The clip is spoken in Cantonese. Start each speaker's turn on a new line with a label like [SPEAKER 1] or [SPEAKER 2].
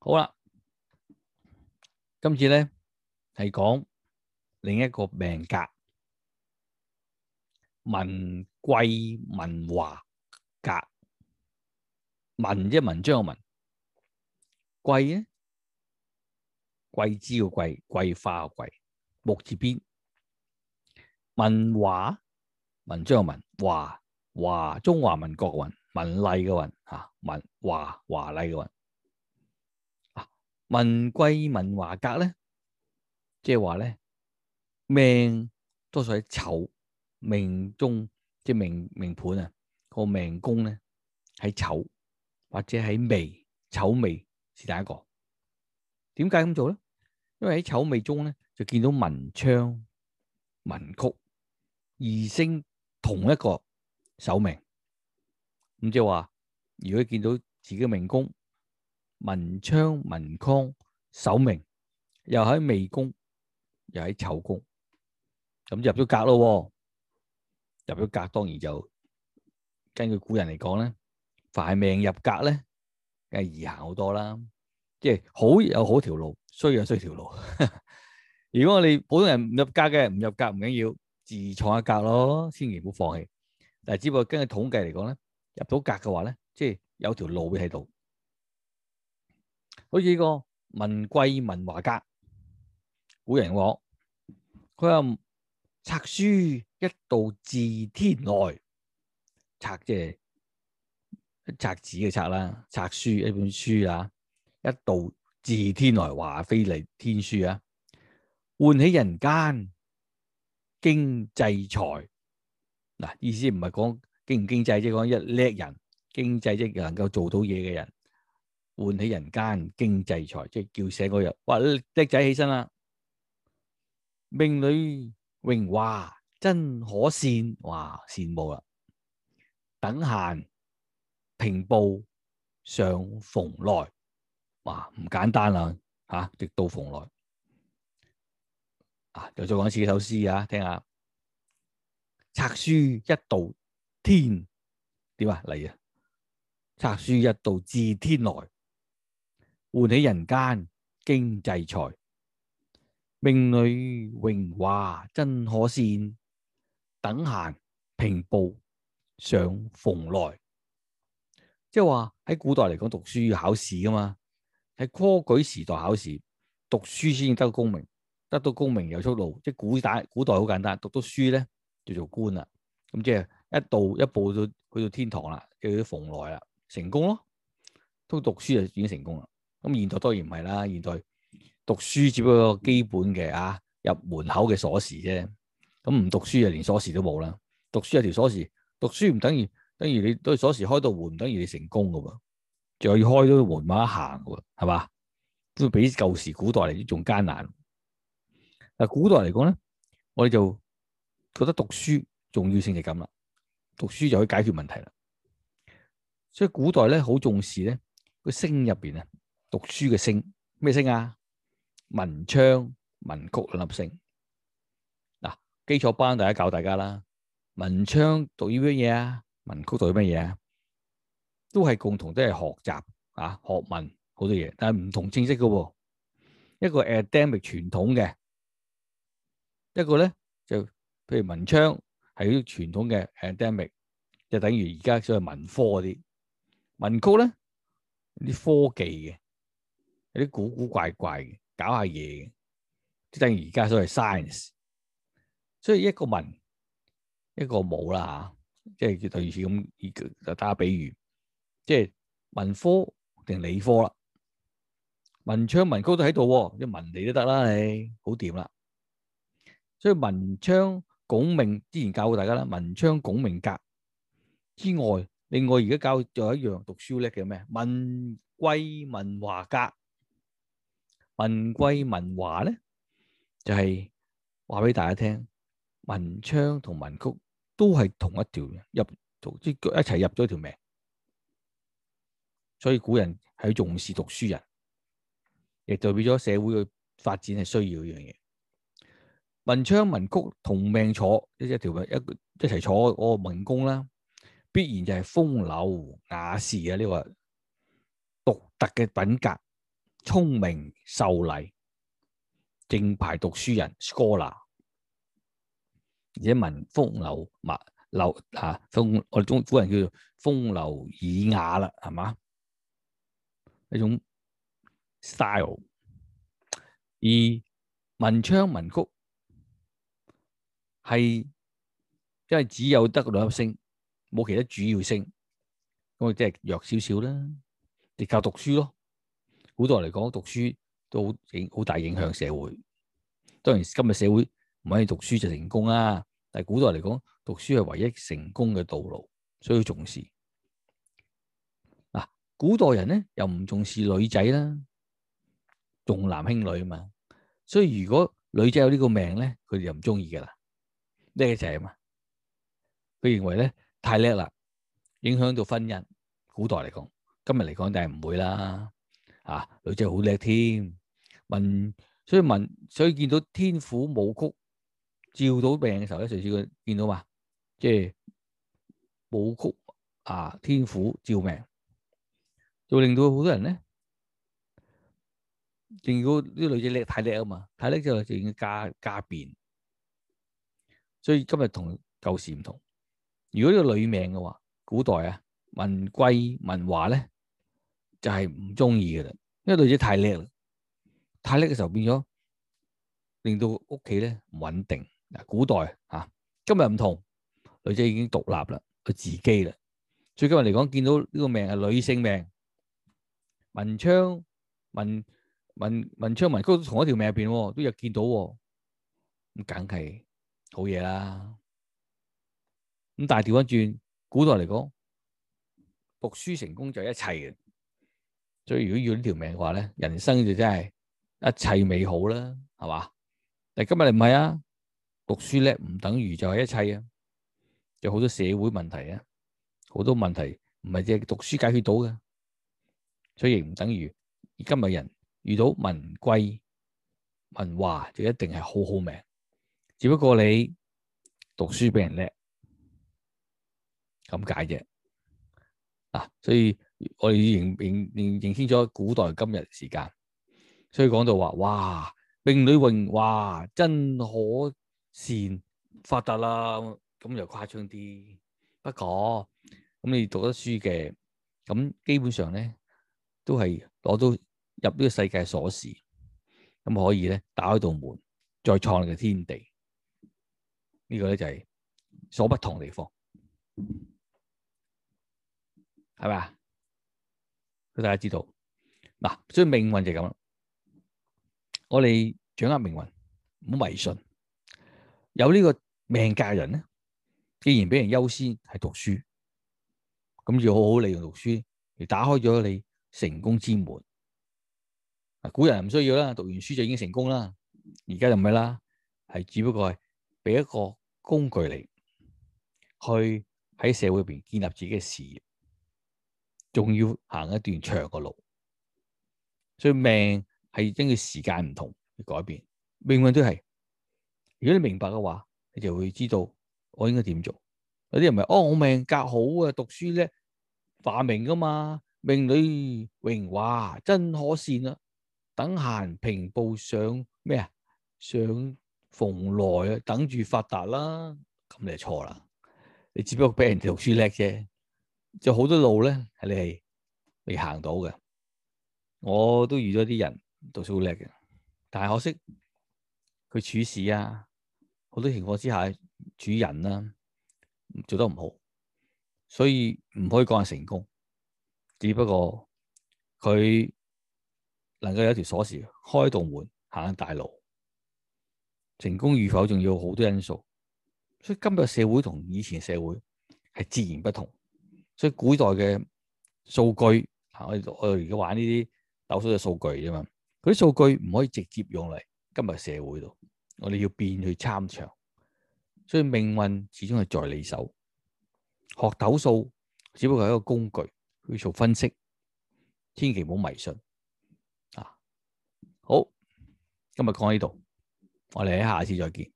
[SPEAKER 1] 好啦，今次咧係講另一個命格，文桂文華格。文即文章嘅文，桂咧，桂枝嘅桂，桂花嘅桂，木字邊。文華，文章嘅文華，華中華民國華、啊、華麗嘅華吓，文華，華麗嘅華。華文桂文華格咧，即係話咧，命多數喺丑命中，即係命命盤啊、個命宮咧喺丑或者喺未，丑未隨便一個。點解咁做咧？因為喺丑未中咧，就見到文昌文曲二星同一個守命。咁即係話如果見到自己嘅命宮。文昌、文康、守命，又喺未宮，又喺丑宮，咁入咗格咯。入咗格，當然就根據古人嚟講咧，凡係命入格咧，梗係易行好多啦。即係好有好條路，衰有衰條路。 如果我哋普通人唔入格嘅，唔入格唔緊要，自創一格咯，千祈唔好放棄。但係只不過根據統計嚟講咧，入到格嘅話咧，即係有條路會喺度。好似個文桂文華格，古人話：佢話冊書一道自天來，冊即係冊子嘅冊啦，冊書一本書啊，一道自天來，話非嚟天書啊，喚起人間經濟財。嗱，意思唔係講經唔經濟啫，講、就是、一叻人經濟即能夠做到嘢嘅人。喚起人間經濟財，即叫醒嗰日，哇！叻仔起身啦，命女榮華真可羨，哇！羨慕啦，等閒平步上蓬萊，哇！唔簡單啦，吓、啊，直到蓬萊啊！又再講一次呢首詩啊，聽下。策書一道天，點啊？嚟啊！策書一道自天來。喚起人間經濟財，命裏榮華真可羨，等閒平步上蓬萊。即係話喺古代嚟講，讀書要考試噶嘛，喺科舉時代考試，讀書先至得功名，得到功名有出路。即係古代古代好簡單，讀到書咧就做官啦。咁即係一到一步就去到天堂啦，去到蓬萊啦，成功咯。都讀書就已經成功啦。咁現代當然唔係啦，現代讀書只不過係個基本嘅啊，入門口嘅鎖匙啫。咁唔讀書啊，連鎖匙都冇啦。讀書有條鎖匙，讀書唔等於等於你對鎖匙開到門，唔等於你成功噶喎，仲要開到門慢慢行喎，係嘛？都比舊時古代嚟啲仲艱難。但古代嚟講咧，我哋就覺得讀書重要性係咁啦，讀書就可以解決問題啦。所以古代咧好重視咧個聲入邊咧。讀書嘅聲咩聲啊？文昌、文曲兩粒聲嗱，基礎班大家教大家啦。文昌讀依樣嘢啊，文曲讀咩嘢啊？都係共同，都係學習啊，學文好多嘢，但係唔同性質嘅。一個 academic 傳統嘅，一個咧就譬如文昌係啲傳統嘅 academic，就等於而家所謂文科嗰啲。文曲咧啲科技嘅。啲古古怪怪嘅，搞下嘢嘅，即係而家所謂 science。所以一個文，一個冇啦嚇，即係佢類似咁，就打下比喻，即係文科定理科啦。文昌文曲都喺度，即係文理都得啦，你好掂啦。所以文昌拱命之前教過大家啦，文昌拱命格之外，另外而家教仲有一樣讀書叻嘅咩？文桂文華格。文桂文華咧，就係話俾大家聽，文昌同文曲都係同一條入，一齊入咗條命，所以古人係重視讀書人，亦代表咗社會嘅發展係需要呢樣嘢。文昌文曲同命坐，一一條命一一齊坐個文宮啦，必然就係風流雅士啊呢個獨特嘅品格。聰明秀麗，正牌讀書人，scholar，而且文風流物流吓、啊，風我哋、哦、中古人叫做風流爾雅啦，係嘛？一種 style，而文昌文曲係，因為只有得兩粒星，冇其他主要星，咁啊，即係弱少少啦，而靠讀書咯。古代嚟講，讀書都好影好大影響社會，當然今日社會唔可以讀書就成功啊！但係古代嚟講，讀書係唯一成功嘅道路，所以重視。嗱、啊，古代人咧又唔重視女仔啦，重男輕女啊嘛，所以如果女仔有呢個命咧，佢哋就唔中意噶啦。咩就係嘛？佢認為咧太叻啦，影響到婚姻。古代嚟講，今日嚟講就係唔會啦。啊，女仔好叻添，文所以文所以見到天府武曲照到命嘅時候咧，上次佢見到嘛，即係武曲啊，天府照命，就令到好多人都係呢，正果啲女仔叻太叻啊嘛，太叻就就已經加加變，所以今日同舊時唔同，如果呢個女命嘅話，古代啊文桂文華咧。就係唔中意嘅啦，因為女仔太叻啦，太叻嘅時候變咗令到屋企咧唔穩定。嗱，古代吓、啊，今日唔同，女仔已經獨立啦，佢自己啦。所以今日嚟講，見到呢個命係女性命，文昌文文文昌文，都同一條命入邊，都有見到，咁梗係好嘢啦。咁但係調翻轉，古代嚟講，讀書成功就係一切嘅。所以如果要呢條命嘅話咧，人生就真係一切美好啦，係嘛？但今日嚟唔係啊，讀書叻唔等於就係一切啊，有好多社會問題啊，好多問題唔係只係讀書解決到嘅，所以唔等於而今日人遇到文桂文華就一定係好好命，只不過你讀書俾人叻咁解啫啊，所以。我哋已經認認認認清咗古代今日的時間，所以講到話，哇，命女榮，哇，真可善發達啦，咁又誇張啲。不過咁你讀得書嘅，咁基本上咧都係攞到入呢個世界鎖匙，咁可以咧打開道門，再創嘅天地。呢、這個咧就係所不同的地方，係嘛？大家知道嗱，所以命運就咁啦。我哋掌握命運，唔好迷信。有呢個命格的人咧，既然俾人優先係讀書，咁要好好利用讀書，而打開咗你成功之門。啊，古人唔需要啦，讀完書就已經成功啦。而家就唔係啦，係只不過係俾一個工具嚟，去喺社會邊建立自己嘅事業。仲要行一段長嘅路，所以命係因為時間唔同而改變，命運都係。如果你明白嘅話，你就會知道我應該點做。有啲人話，哦，我命格好啊，讀書叻，化名噶嘛，命裏榮華真可羨啊，等閒平步上咩啊，上蓬萊啊，等住發達啦。咁你就錯啦，你只不過俾人哋讀書叻啫。就好多路咧，係你未行到嘅。我都遇咗啲人讀書好叻嘅，但係可惜佢處事啊，好多情況之下主人啦、啊、做得唔好，所以唔可以講係成功。只不過佢能夠有條鎖匙開道門行大路，成功與否仲要好多因素。所以今日社會同以前社會係截然不同。所以古代嘅數據，我我而家玩呢啲斗數嘅數據啫嘛，嗰啲數據唔可以直接用嚟今日社會度，我哋要變去參詳。所以命運始終係在你手，學斗數只不過係一個工具去做分析，千祈唔好迷信。啊，好，今日講呢度，我哋喺下次再見。